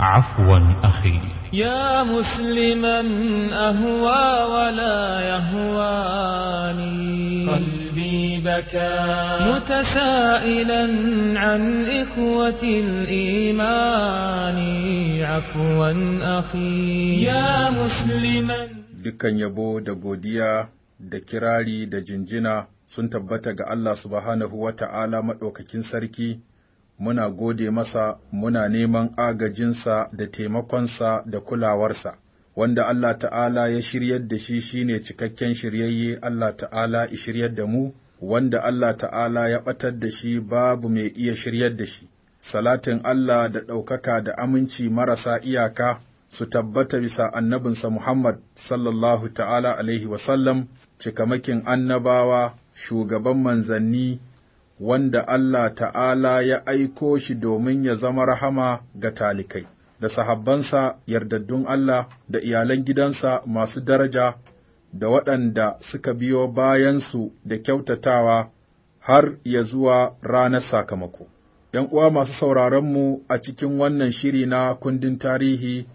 عفوا أخي يا مسلما أهوى ولا يهواني قلبي بكى متسائلا عن إخوة الإيمان عفوا أخي يا مسلما دكان يبو ديا دكرالي دجنجنا سنتبتك الله سبحانه وتعالى subhanahu wa muna gode masa muna neman agajinsa da taimakonsa da kulawarsa wanda Allah ta'ala ya shiryar da shi shine cikakken shiryayye Allah ta'ala shiryar da mu wanda Allah ta'ala ya ɓatar da shi babu mai iya shiryar da shi salatin Allah da ɗaukaka da aminci marasa iyaka su tabbata bisa annabinsa Muhammad sallallahu ta'ala alaihi wasallam, cikamakin annabawa, shugaban manzanni, wanda Allah ta'ala ya aiko shi domin ya zama rahama ga talikai, da sahabbansa yardaddun Allah da iyalan gidansa masu daraja da waɗanda suka biyo bayansu da kyautatawa har ya zuwa ranar sakamako. ’Yan uwa masu sauraronmu a cikin wannan shiri na kundin tarihi,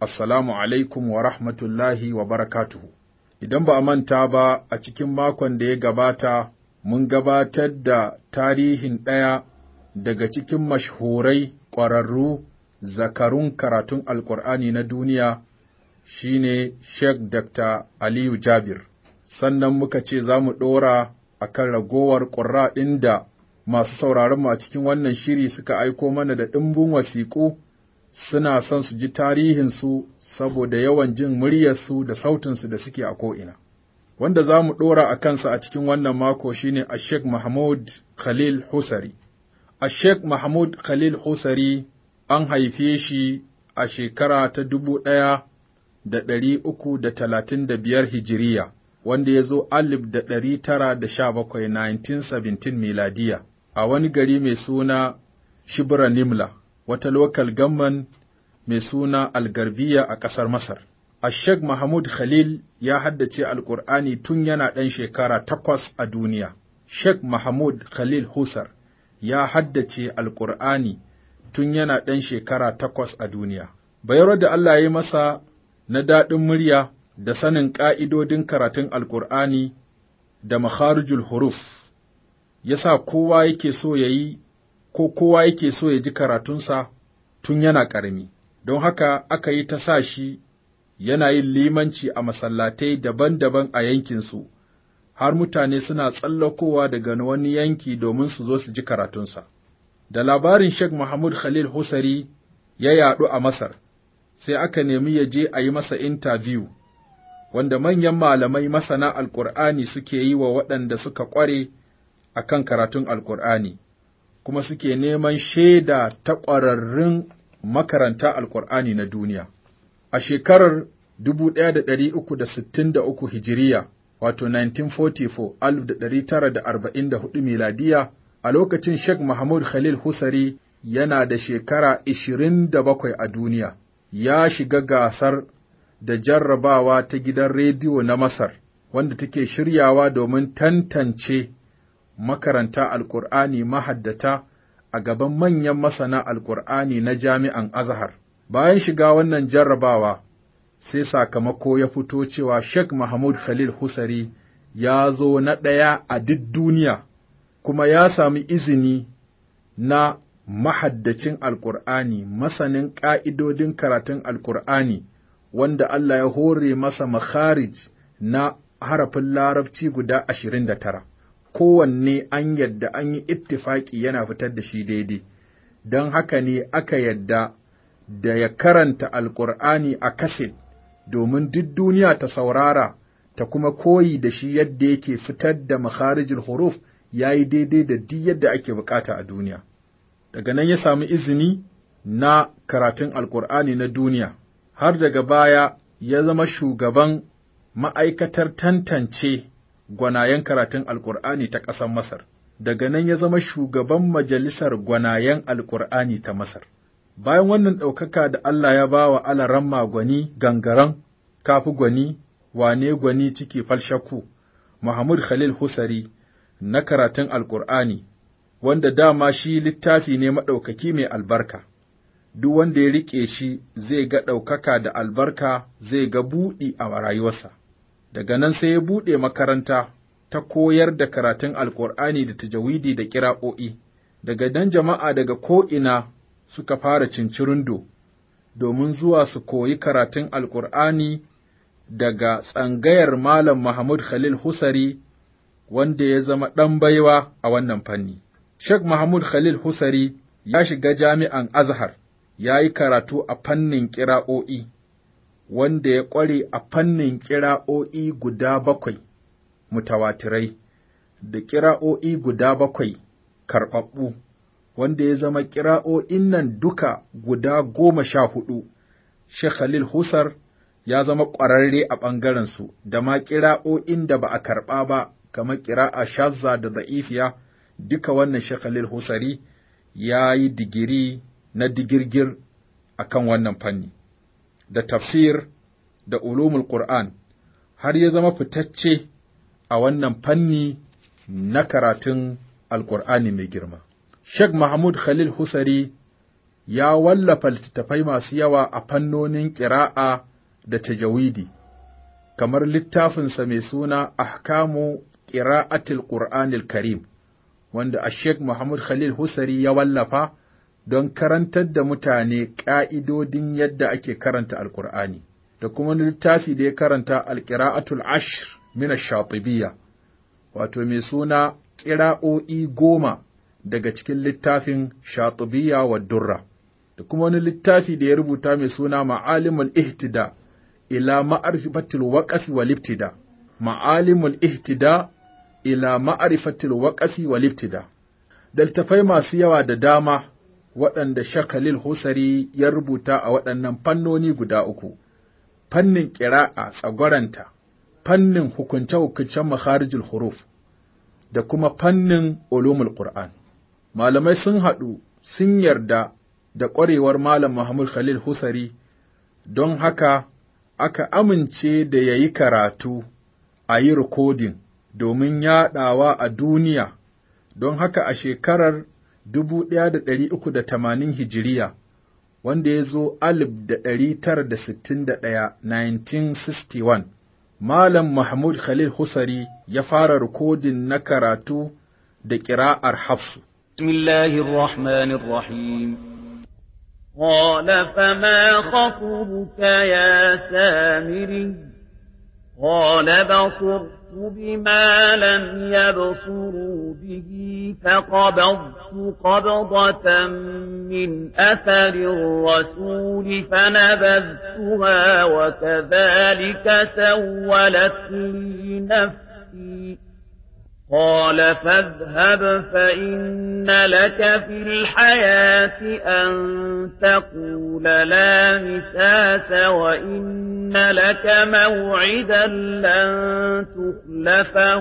Assalamu alaikum wa rahmatullahi wa barakatuhu. Idan ba a manta ba a cikin makon da ya gabata, mun gabatar da tarihin ɗaya daga cikin mashhurai ƙwararru zakarun karatun Alƙur'ani na duniya shine Sheikh Dr. Aliyu Jabir. Sannan muka ce za mu ɗora a kan ragowar ƙurra ɗin da masu sauraronmu a cikin wannan shiri suka aiko mana da ɗimbin wasiƙu suna son su ji tarihinsu saboda yawan jin muryarsu da sautinsu da suke a ko'ina. wanda za mu ɗora a kansa a cikin wannan mako shi ne a Sheikh Mahmud Khalil Husari. a Sheikh Mahmud Khalil Husari an haife shi a shekara ta dubu ɗaya da ɗari uku da talatin da biyar hijiriya, wanda ya zo alif da ɗari tara da sha bakwai 1917 miladiya, a wani gari mai suna Shibra Nimla, wata lokal gamman mai suna Algarbiya a ƙasar Masar. Ashek Mahmud Khalil ya haddace Alƙur'ani tun yana ɗan shekara takwas a duniya. Sheikh Mahmud Khalil Husar ya haddace Alƙur'ani tun yana ɗan shekara takwas a duniya. Bayarwar da Allah ya yi masa na daɗin murya da sanin ƙa'idodin karatun Alƙur'ani da makharijul huruf, ya sa kowa yake so ya yi ko kowa yake so ya ji karatunsa tun yana ƙarami, don haka aka yi ta sa shi yana yin limanci a masallatai daban-daban a yankinsu, har mutane suna tsallakowa daga wani yanki domin su zo su ji karatunsa. Da labarin Sheikh Muhammad Khalil Husari ya yaɗu a Masar, sai aka nemi ya je a yi masa intabiyu, wanda manyan malamai masana Alƙur'ani suke yi wa waɗanda suka ƙware a kan karatun Alƙur'ani, kuma suke neman shaida ta ƙwararrun makaranta Alƙur'ani na duniya. A shekarar 1363 Hijiriya, wato 1944, 1944 miladiya, a lokacin Sheikh Mahmud Khalil Husari yana da shekara 27 a duniya, ya shiga gasar da jarrabawa ta gidan rediyo na Masar, wanda take shiryawa domin tantance makaranta Alƙur'ani mahaddata a gaban manyan masana Alƙur'ani na jami'an Azahar. Bayan shiga wannan jarrabawa, sai sakamako ya fito cewa Sheikh Mahmud Khalil Husari ya zo na ɗaya a duk duniya, kuma ya sami izini na mahaddacin Alƙur'ani, masanin ƙa'idodin karatun Alƙur'ani, wanda Allah ya hore masa makharij na harafin larabci guda ashirin da tara, kowanne an yadda an yi ittifaƙi yana fitar da shi daidai, don haka ne aka yadda da ya karanta Alƙur'ani a kaset domin duk duniya ta saurara ta kuma koyi da shi yadda yake fitar da makharijul huruf ya yi daidai da duk yadda ake bukata a duniya. Daga nan ya samu izini na karatun Alƙur'ani na duniya, har daga baya ya zama shugaban ma'aikatar tantance gwanayen karatun Alƙur'ani ta ƙasar Masar, daga nan ya zama shugaban majalisar gwanayen Alƙur'ani ta Masar. Bayan wannan ɗaukaka da Allah ya ba wa alaramma gwani gangaran, kafi gwani, wane gwani ciki falshaku, Muhammad Khalil Husari na karatun Alƙur'ani, wanda dama shi littafi ne maɗaukaki mai albarka, duk wanda ya riƙe shi zai ga ɗaukaka da albarka zai ga buɗi a rayuwarsa. Daga nan sai ya buɗe makaranta ta koyar da karatun Alƙur'ani da tajawidi da ƙira'o'i, daga nan jama'a daga ko'ina suka fara cincirindo domin zuwa su koyi karatun Alƙur'ani daga tsangayar Malam Mahmud Khalil Husari wanda ya zama ɗan baiwa a wannan fanni. Sheikh Mahmud Khalil Husari ya shiga jami'an Azhar, ya yi karatu a fannin ƙira'o'i, wanda ya ƙware a fannin ƙira'o'i guda bakwai mutawatirai, da ƙira'o'i guda bakwai karɓaɓɓu. wanda ya zama ƙira'o'in nan duka guda goma sha hudu, Sheikh Khalil Husar ya zama ƙwararre a ɓangarensu, da ma ƙira'o'in da ba a karɓa ba, kamar ƙira'a shazza da za'ifiya, duka wannan Sheikh Khalil Husari ya yi digiri na digirgir a kan wannan fanni, da tafsir da ulumul Qur'an, har ya zama fitacce a wannan fanni na karatun Alƙur'ani mai girma. Sheikh Mahmud Khalil Husari ya wallafa littattafai masu yawa a fannonin ƙira'a da tajawidi, kamar littafinsa mai suna Ahkamu Ƙira'atul Ƙur'anil Karim, wanda a Sheikh Mahmud Khalil Husari ya wallafa don karantar da mutane ƙa'idodin yadda ake karanta Alƙur'ani, da kuma littafi da ya karanta Alƙira'atul ashir mina Shatibiyya, wato mai suna ƙira'o'i goma daga cikin littafin Shatubiya wa Durra, da kuma wani littafi da ya rubuta mai suna Ma'alimul Ihtida ila ma'arifatil waqafi wal ibtida. Ma'alimul Ihtida ila ma'arifatil waqafi wal ibtida. Da masu yawa da dama waɗanda Shakalil Husari ya rubuta a waɗannan fannoni guda uku, fannin ƙira'a tsagwaranta, fannin hukunce-hukuncen huruf, da kuma fannin ulumul Qur'an. malamai sun haɗu sun yarda da ƙwarewar Malam Muhammad Khalil Husari, don haka aka amince da ya yi karatu a yi rikodin domin yaɗawa a duniya, don haka a shekarar 1380 Hijiriya, wanda ya zo 1961, 1961, Malam Mahmud Khalil Husari ya fara rikodin na karatu da ƙira'ar Hafsu. بسم الله الرحمن الرحيم قال فما خطبك يا سامري قال بصرت بما لم يبصروا به فقبضت قبضة من أثر الرسول فنبذتها وكذلك سولت لي نفسي قال فاذهب فإن لك في الحياة أن تقول لا مساس وإن لك موعدا لن تخلفه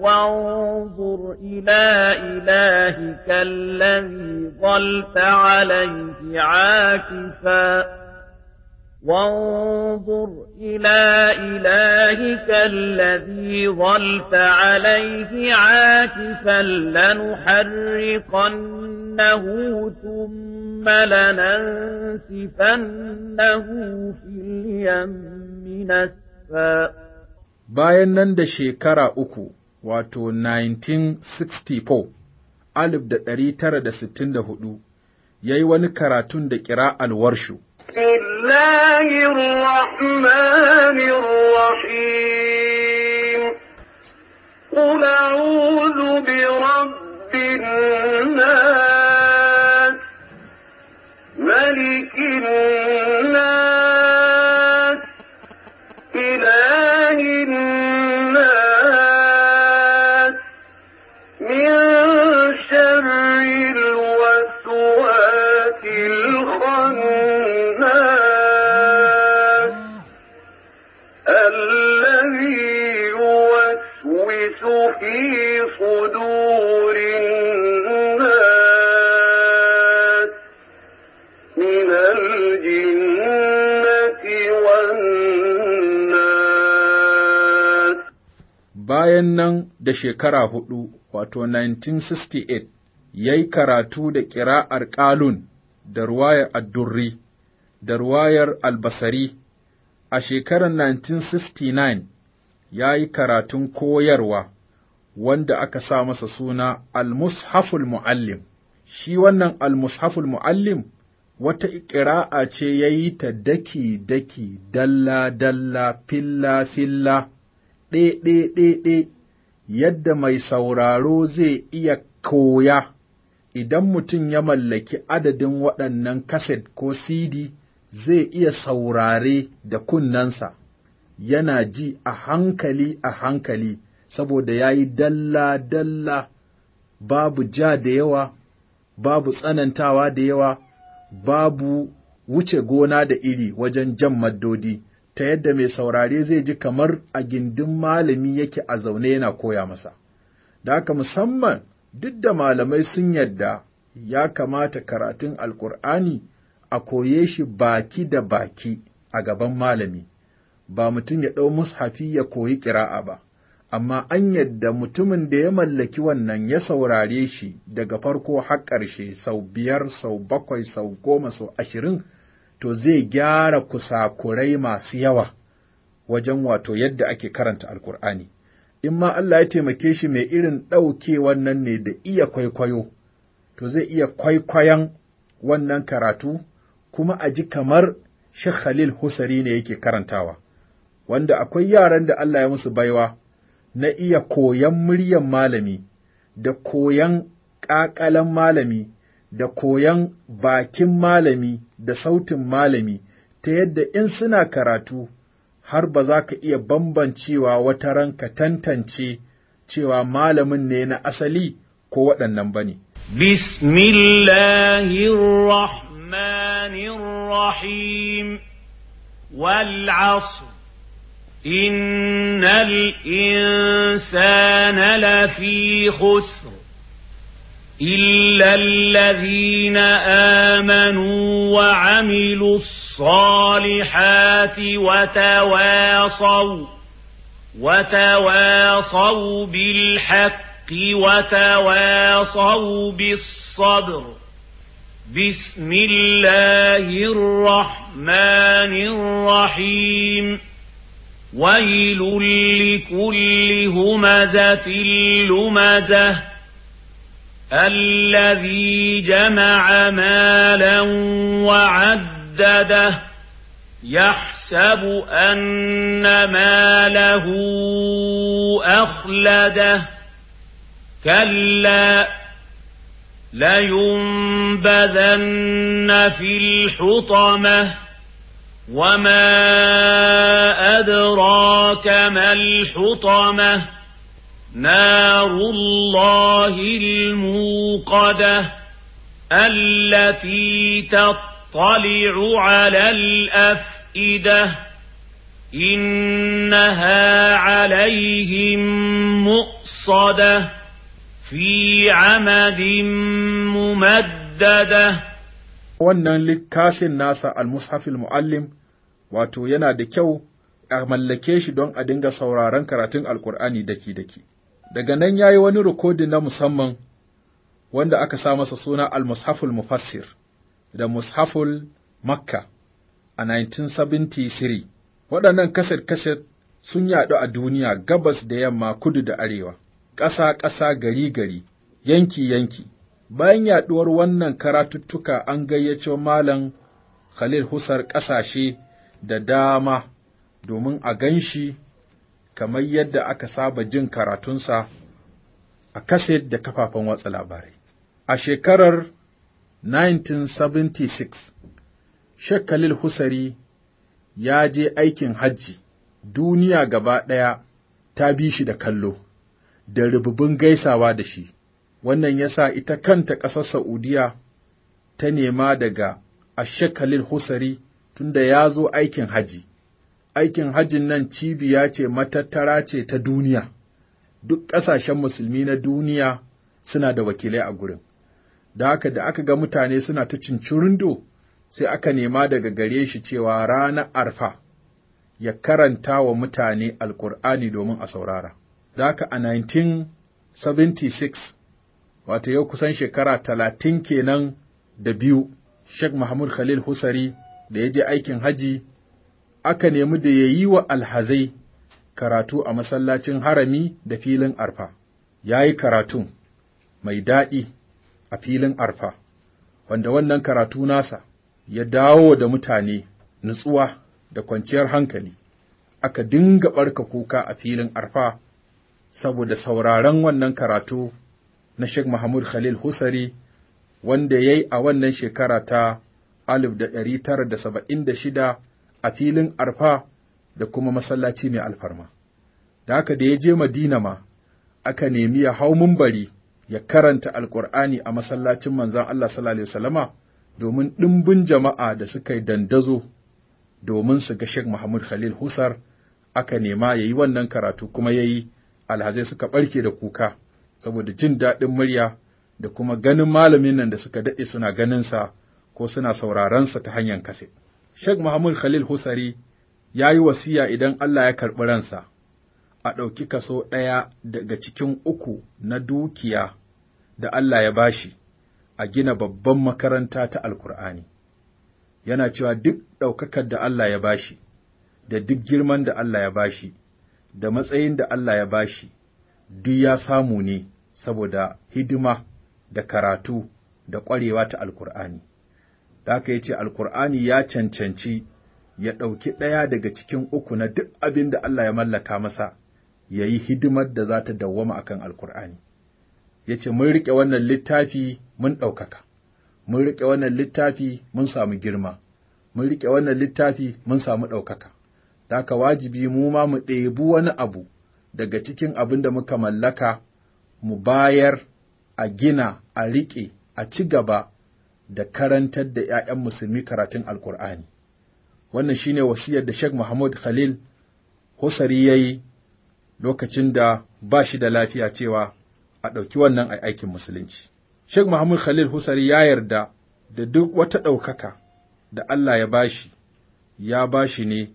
وانظر إلى إلهك الذي ظلت عليه عاكفاً وانظر إلى إلهك الذي ظلت عليه عاكفا لنحرقنه ثم لننسفنه في اليم نسفا bayan nan da shekara uku wato 1964 alif da ɗari tara da sittin da hudu ya yi wani karatun da ƙira alwarshu بسم الله الرحمن الرحيم قل أعوذ برب الناس ملك الناس da shekara hudu, wato 1968, ya yi karatu da ƙira'ar ƙalun da ruwayar addurri da ruwayar albasari. A shekarar 1969 ya yi karatun koyarwa wanda aka sa masa suna almushaful Mu'allim. Shi wannan almushaful Mu'allim wata ƙira'a ce ya yi ta daki-daki, dalla-dalla, filla-filla, ɗe-ɗe-ɗe-ɗe, yadda mai sauraro zai iya koya idan mutum ya mallaki adadin waɗannan kaset ko CD zai iya saurare da kunnensa, yana ji a hankali a hankali saboda ya yi dalla-dalla babu ja da yawa, babu tsanantawa da yawa, babu wuce gona da iri wajen jan maddodi. ta yadda mai saurare zai ji kamar a gindin malami yake a zaune yana koya masa. Da haka musamman duk da malamai sun yadda ya kamata karatun Alƙur'ani a koye shi baki da baki a gaban malami, ba mutum ya ɗau mushafi ya koyi ƙira'a ba, amma an yadda mutumin da ya mallaki wannan ya saurare shi daga farko har ƙarshe sau biyar, sau bakwai, sau goma, sau ashirin, to zai gyara kusakurai masu yawa wajen wato yadda ake karanta alkur'ani in ma Allah ya taimake shi mai irin ɗauke wannan ne da iya kwaikwayo to zai iya kwaikwayon wannan karatu kuma a ji kamar Sheikh Khalil Husari ne yake karantawa wanda akwai yaran da Allah ya musu baiwa na iya koyan muryan malami da koyan ƙaƙalan malami da koyan bakin malami da sautin malami ta yadda in suna karatu har ba za ka iya bambancewa wata ranka tantance cewa malamin ne na asali ko waɗannan ba ne. Bismillahirrahmanirrahim إن الإنسان لفي خسر إلا الذين آمنوا وعملوا الصالحات وتواصوا وتواصوا بالحق وتواصوا بالصبر بسم الله الرحمن الرحيم ويل لكل همزة لمزه الذي جمع مالا وعدده يحسب ان ماله اخلده كلا لينبذن في الحطمه وما ادراك ما الحطمه نار الله الموقده التي تطلع على الافئده انها عليهم مؤصده في عمد ممدده wannan littafin nasa al-mushafil muallim wato yana da kyau a mallake shi don a dinga sauraron karatun alkur'ani daki-daki Daga nan ya yi wani rikodin na musamman wanda aka sa masa suna Al-Mushaful Mufassir da Mushaful Makka a 1973. Waɗannan kaset-kaset sun yaɗu a duniya gabas da yamma kudu da arewa, ƙasa-ƙasa gari-gari, yanki-yanki. Bayan yaɗuwar wannan karatuttuka an gayyace Malam Khalil Husar ƙasashe da dama domin a ganshi shi kamar yadda aka saba jin karatunsa a kaset da kafafen watsa labarai. A shekarar 1976, Sheikh Khalil Husari ya je aikin hajji, duniya gaba ɗaya ta bi shi da kallo, da rububin gaisawa da shi, wannan ya sa ita kanta ƙasar Saudiya ta nema daga a Khalil Husari tunda ya zo aikin hajji. aikin hajjin nan cibiya ce matattara ce ta duniya, duk ƙasashen musulmi na duniya suna da wakilai a gurin. Da haka da aka ga mutane suna ta cincirindo, sai aka nema daga gare shi cewa rana arfa ya karanta wa mutane alkur'ani domin a saurara. Da haka a 1976, wata yau kusan shekara talatin kenan da biyu, Sheikh Muhammad Khalil Husari da ya je aikin haji aka nemi da ya yi wa alhazai karatu a masallacin harami da filin arfa, ya yi karatun mai daɗi a filin arfa, wanda wannan karatu nasa ya dawo da mutane nutsuwa da kwanciyar hankali, aka dinga ɓarka kuka a filin arfa saboda sauraron wannan karatu na Sheikh Muhammad Khalil Husari wanda ya yi a wannan shekara ta 1976 a filin arfa da kuma masallaci mai alfarma. Da haka da ya je Madina ma, aka nemi ya hau mumbari ya karanta Alƙur'ani a masallacin manzan Allah sallallahu Alaihi domin ɗimbin jama'a da suka yi dandazo domin su ga Sheikh Muhammad Khalil Husar aka nema ya yi wannan karatu kuma ya yi alhazai suka ɓarke da kuka saboda jin daɗin murya da kuma ganin malamin nan da suka daɗe suna ganinsa ko suna sauraronsa ta hanyar kaset. Sheikh Muhammad Khalil Husari ya yi wasiya idan Allah ya karɓi ransa, a ɗauki kaso ɗaya daga cikin uku na dukiya da Allah ya bashi a gina babban makaranta ta Alkur'ani. Yana cewa duk ɗaukakar da Allah ya bashi, da duk girman da Allah ya bashi, da matsayin da Allah ya bashi, duk ya samu ne saboda hidima da karatu da ƙwarewa ta Alkur'ani. da aka yace alkur'ani ya cancanci ya ɗauki ɗaya daga cikin uku na duk abin da Allah ya mallaka masa ya yi hidimar da za ta dawwama akan alkur'ani ya ce mun riƙe wannan littafi mun ɗaukaka mun riƙe wannan littafi mun samu girma mun riƙe wannan littafi mun samu ɗaukaka da ka wajibi mu ma mu ɗebi wani abu daga cikin abin da muka mallaka mu bayar a gina a riƙe a ci gaba da karantar da 'ya'yan musulmi karatun alkur'ani wannan shi ne wasiyar da Sheikh Muhammad Khalil Husari ya yi lokacin da ba shi da lafiya cewa a ɗauki wannan a aikin musulunci. Sheikh Muhammad Khalil Husari ya yarda da duk wata ɗaukaka da Allah ya bashi, ya ba shi ne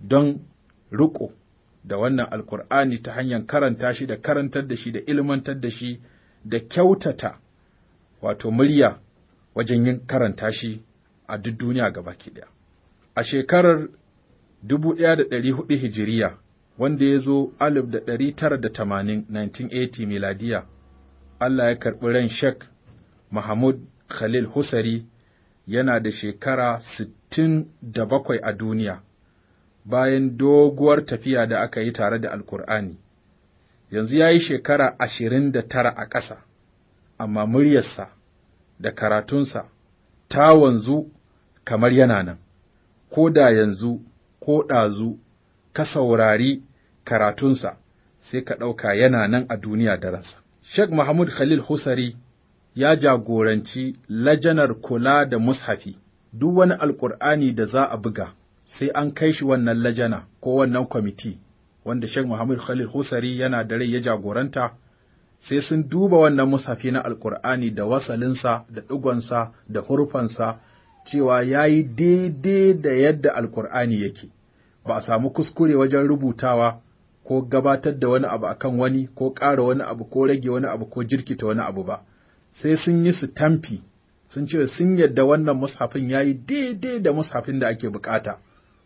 don riƙo da wannan Alƙur'ani ta hanyar karanta shi da karantar da shi da ilmantar da shi da kyautata wato murya wajen yin karanta shi a duk duniya gaba ɗaya. A shekarar 1400 Hijiriya, wanda ya zo alif da 1980 miladiya, Allah ya karɓi ran Sheikh Mahmud Khalil Husari yana da shekara sittin da bakwai a duniya, bayan doguwar tafiya da aka yi tare da Alkur'ani. Yanzu ya yi shekara ashirin da tara a ƙasa, amma muryarsa da karatunsa ta wanzu kamar yana nan, ko da yanzu ko ɗazu ka saurari karatunsa sai ka ɗauka yana nan a duniya da ransa. Sheikh Muhammad Khalil Husari ya jagoranci lajanar kula da mushafi, duk wani alƙur'ani da za a buga sai an kai shi wannan lajana ko wannan kwamiti, wanda Sheikh Muhammad Khalil Husari yana da rai ya jagoranta sai sun duba wannan musafi na Alƙur'ani da wasalinsa da ɗigonsa da hurfansa cewa ya yi daidai da yadda alkur'ani yake ba a samu kuskure wajen rubutawa ko gabatar da wani abu akan wani ko ƙara wani abu ko rage wani abu ko jirkita wani abu ba sai sun yi su tamfi sun ce sun yadda wannan mushafin ya yi daidai da mushafin da ake bukata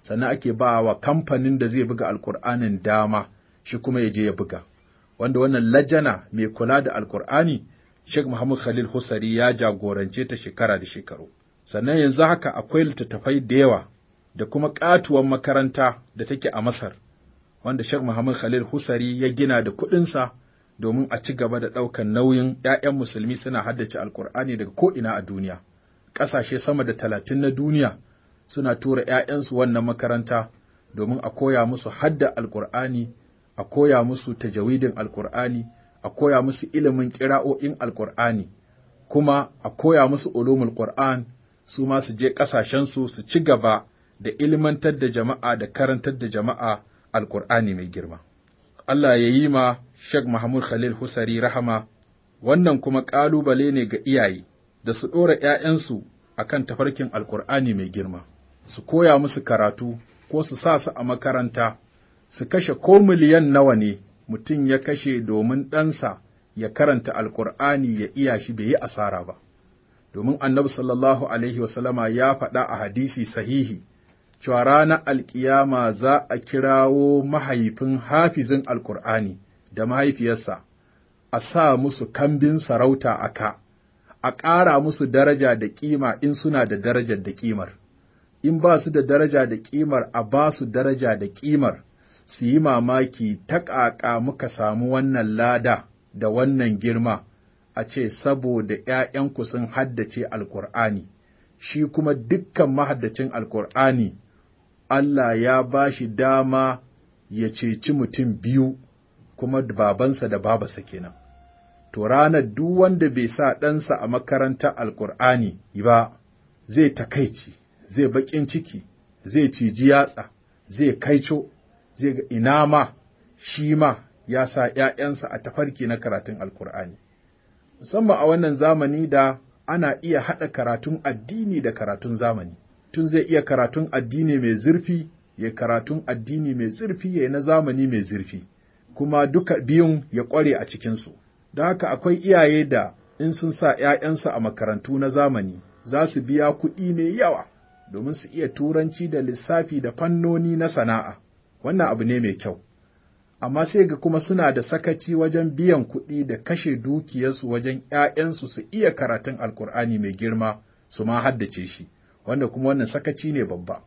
sannan ake ba wa kamfanin da zai buga Alƙur'anin dama shi kuma ya je ya buga wanda wannan lajana mai kula da alkur'ani Sheikh Muhammad Khalil Husari ya jagorance ta shekara da shekaru. Sannan yanzu haka akwai littattafai da yawa da kuma ƙatuwan makaranta da take a Masar, wanda Sheikh Muhammad Khalil Husari ya gina da kuɗinsa domin a ci gaba da ɗaukar nauyin ‘ya'yan musulmi suna haddace alkur'ani daga ko'ina a duniya. Ƙasashe sama da talatin na duniya suna tura ‘ya'yansu wannan makaranta domin a koya musu hadda alkur'ani a koya musu tajawidin alkur'ani a koya musu ilimin ƙira'o'in alkur'ani kuma a koya musu ulumul qur'an su ma su je ƙasashensu su ci gaba da ilmantar da jama'a da karantar da jama'a alkur'ani mai girma Allah ya yi ma Sheikh Mahmud Khalil Husari rahama wannan kuma ƙalubale ne ga iyaye da su ɗora ‘ya'yansu a kan tafarkin alkur'ani mai girma, su koya musu karatu ko su sa su a makaranta su kashe ko miliyan nawa ne mutum ya kashe domin ɗansa ya karanta alkur'ani ya iya shi bai yi asara ba domin annabi sallallahu alaihi wasallama ya faɗa a hadisi sahihi cewa ranar alkiyama za a kirawo mahaifin hafizin alkur'ani da mahaifiyarsa a sa musu kambin sarauta a ka a ƙara musu daraja da ƙima in suna da darajar da ƙimar in ba su da daraja da ƙimar a ba su daraja da ƙimar su yi mamaki ta ƙaƙa muka samu wannan lada da wannan girma, a ce saboda ’ya'yanku sun haddace Alkur'ani, shi kuma dukkan mahaddacin Alkur'ani, Allah ya ba shi dama ya ceci mutum biyu, kuma babansa da babasa kenan. To ranar duk wanda bai sa ɗansa a makarantar Alkur'ani ba, zai takaici, zai baƙin ciki, zai ciji yatsa, zai kaico. zai ga ina ma shi ma ya sa ‘ya'yansa a tafarki na karatun Alkur'ani. Musamman a wannan zamani da ana iya haɗa karatun addini da karatun zamani. Tun zai iya karatun addini mai zurfi, ya karatun addini mai zurfi, ya na zamani mai zurfi, kuma duka biyun ya ƙware a cikinsu. Da haka akwai iyaye da in sun sa ‘ya'yansa a makarantu na zamani, za su biya kuɗi mai yawa domin su iya turanci da lissafi da fannoni na sana'a. wannan abu ne mai kyau amma sai ga kuma suna da sakaci wajen biyan kuɗi da kashe dukiyarsu wajen ‘ya'yansu su iya karatun alkur'ani mai girma su ma haddace shi wanda kuma wannan sakaci ne babba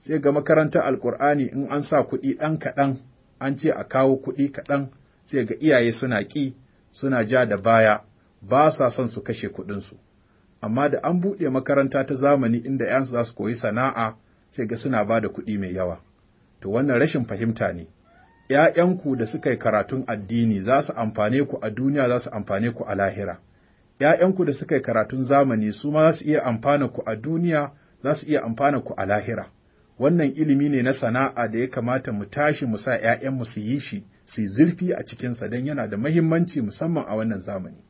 sai ga makarantar alkur'ani in an sa kuɗi ɗan kaɗan an ce a kawo kuɗi kaɗan sai ga iyaye suna ƙi suna ja da baya ba sa son su kashe kuɗinsu amma da an buɗe makaranta ta zamani inda ‘yansu za su koyi sana'a sai ga suna ba da kuɗi mai yawa to wannan rashin fahimta ne ‘ya'yanku da suka yi karatun addini za su amfane ku a duniya za su amfane ku a lahira ‘ya'yanku da suka yi karatun zamani su ma za su iya amfana ku a duniya za su iya amfana ku a lahira wannan ilimi ne na sana'a da ya kamata mu tashi mu sa ‘ya'yanmu su yi shi su zurfi a cikinsa don yana da muhimmanci musamman a wannan zamani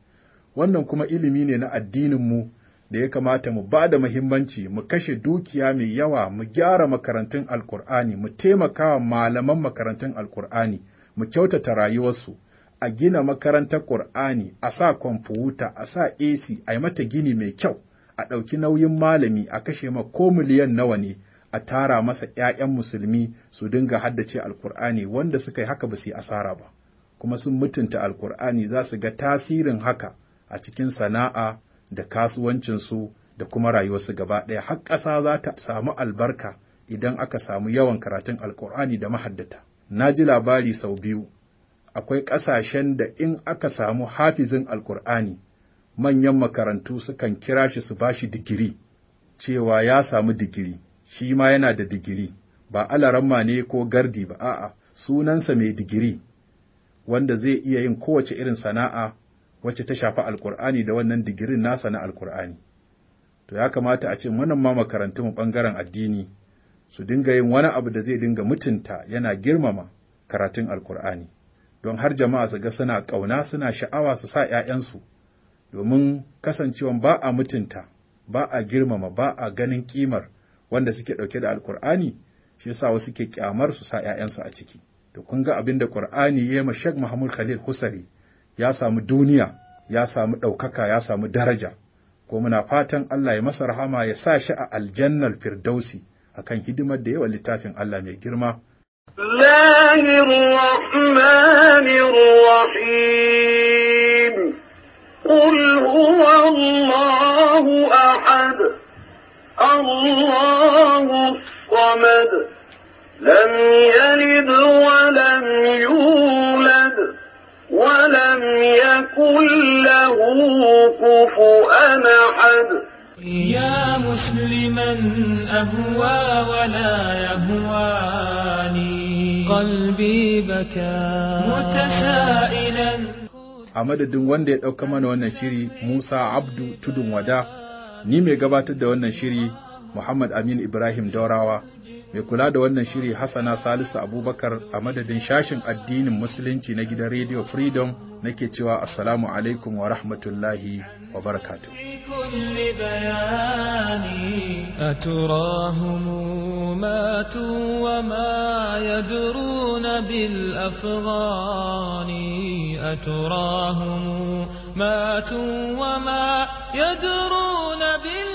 wannan kuma ilimi ne na addininmu da ya kamata mu ba da muhimmanci mu kashe dukiya mai yawa mu gyara makarantun alkur'ani mu taimaka wa malaman makarantun alkur'ani mu kyautata rayuwarsu a gina makarantar ƙur'ani a sa kwamfuta a sa ac a yi mata gini mai kyau a ɗauki nauyin malami a kashe ma ko miliyan nawa ne a tara masa ‘ya'yan musulmi su dinga haddace alkur'ani wanda suka yi haka ba su yi asara ba kuma sun mutunta alkur'ani za su ga tasirin haka a cikin sana'a da kasuwancinsu da kuma rayuwarsu gaba ɗaya har ƙasa za ta samu albarka idan aka samu yawan karatun alkur'ani da mahaddata na ji labari sau biyu akwai ƙasashen da in aka samu hafizin Alƙur'ani, manyan makarantu sukan kira shi su bashi digiri cewa ya samu digiri shi ma yana da digiri ba alaramma ne ko gardi ba a'a sunansa mai digiri wanda zai iya yin kowace irin sana'a wacce ta shafi alkur'ani da wannan digirin nasa na alkur'ani to ya kamata a ce wannan ma makarantu mu bangaren addini su dinga yin wani abu da zai dinga mutunta yana girmama karatun alkur'ani don har jama'a su ga suna ƙauna suna sha'awa su sa ‘ya'yansu domin kasancewan ba a mutunta ba a girmama ba a ganin kimar wanda suke ɗauke da alkur'ani shi yasa wasu ke kyamar su sa ‘ya'yansu a ciki to kun ga abin da qur'ani ya ma Sheikh Muhammad Khalil Husari ya samu duniya ya samu ɗaukaka ya samu daraja ko muna fatan Allah ya masa rahama ya sa shi a aljannar firdausi akan hidimar da yawa littafin Allah mai girma قل هو الله أحد الله الصمد لم يلد ولم يولد ولم يكن له كفؤا أحد يا مسلما أهوى ولا يهواني قلبي بكى متسائلا a madadin wanda ya ɗauka mana wannan shiri Musa Abdu Tudun Wada, ni mai gabatar da wannan shiri Muhammad Amin Ibrahim Daurawa mai kula da wannan shiri Hassana Salisu Abubakar a madadin shashin addinin Musulunci na gidan Radio Freedom nake cewa Assalamu alaikum wa rahmatullahi wa barakatuh. همومات وما يدرون بالأفغان أتراهم مات وما يدرون بالأفغان